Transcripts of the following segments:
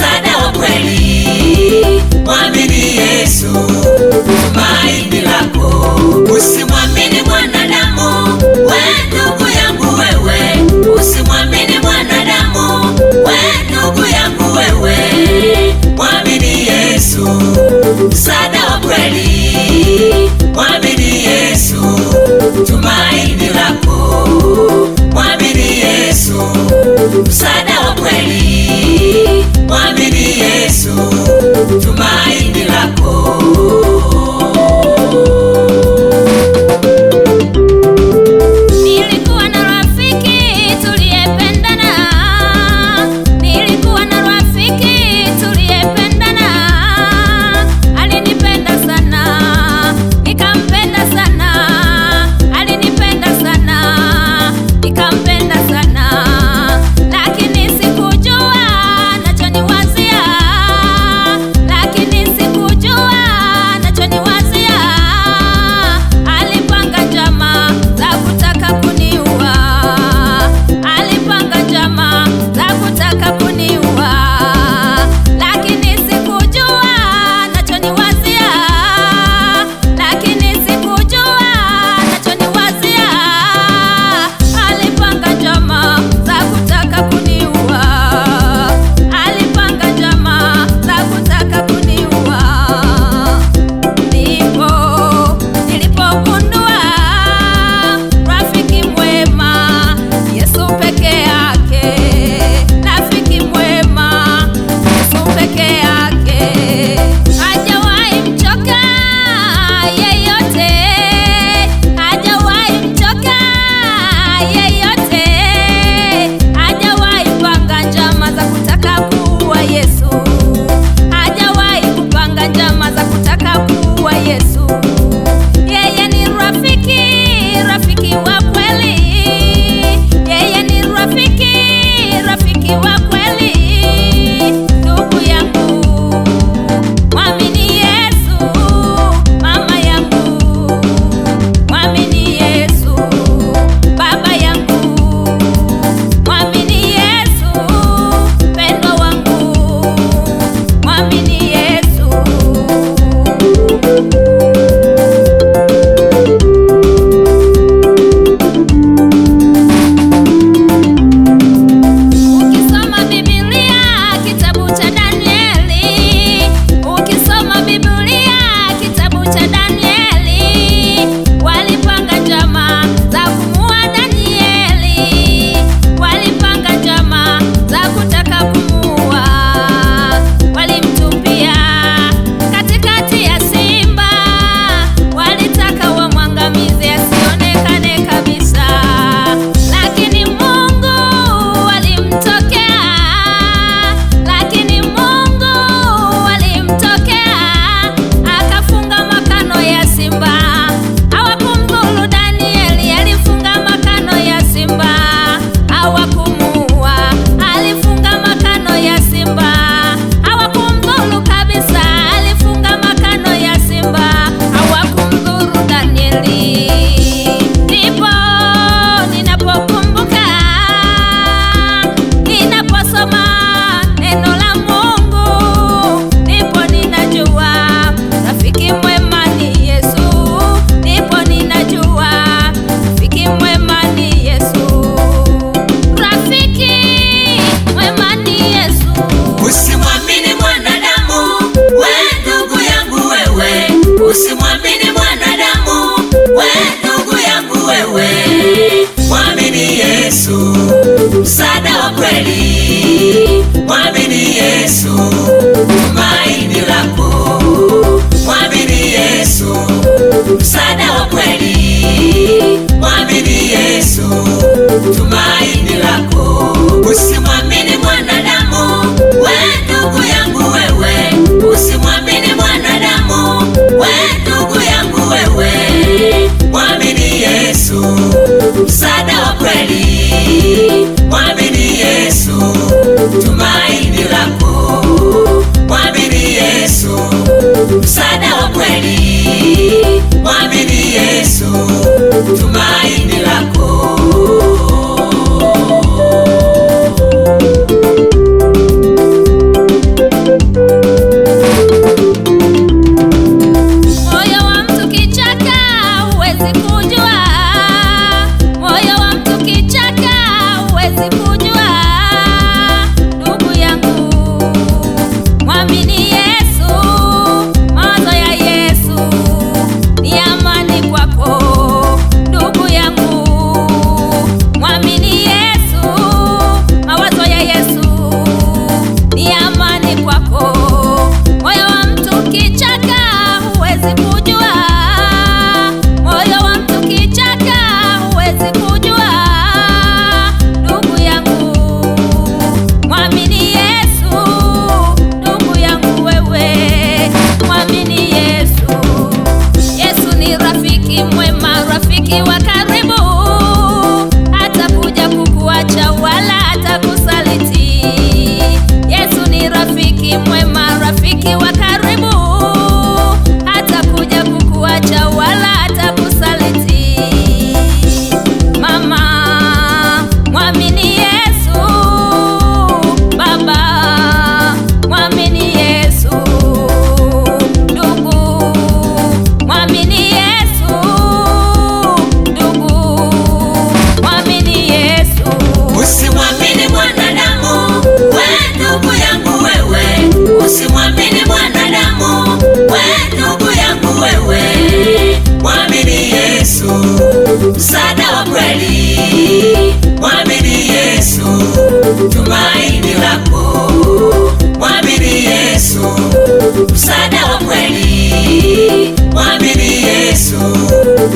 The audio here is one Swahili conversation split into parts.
sana. tumaini lako, usimwamini mwanadamu. We ndugu yangu wewe, usimwamini mwanadamu. We ndugu yangu wewe, mwamini Yesu, msaada wa kweli, mwamini Yesu, tumaini lako, mwamini Yesu, msaada wa kweli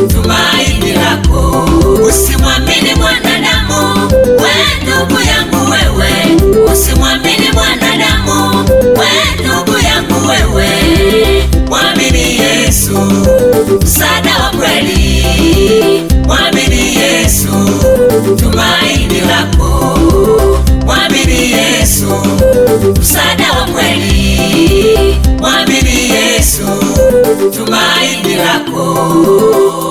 tumaini lako, usimwamini mwanadamu. We ndugu yangu wewe, usimwamini mwanadamu. We ndugu yangu wewe, mwamini Yesu, msaada wa kweli, mwamini Yesu, tumaini lako, mwamini Yesu, msaada wa kweli, mwamini Yesu, tumaini lako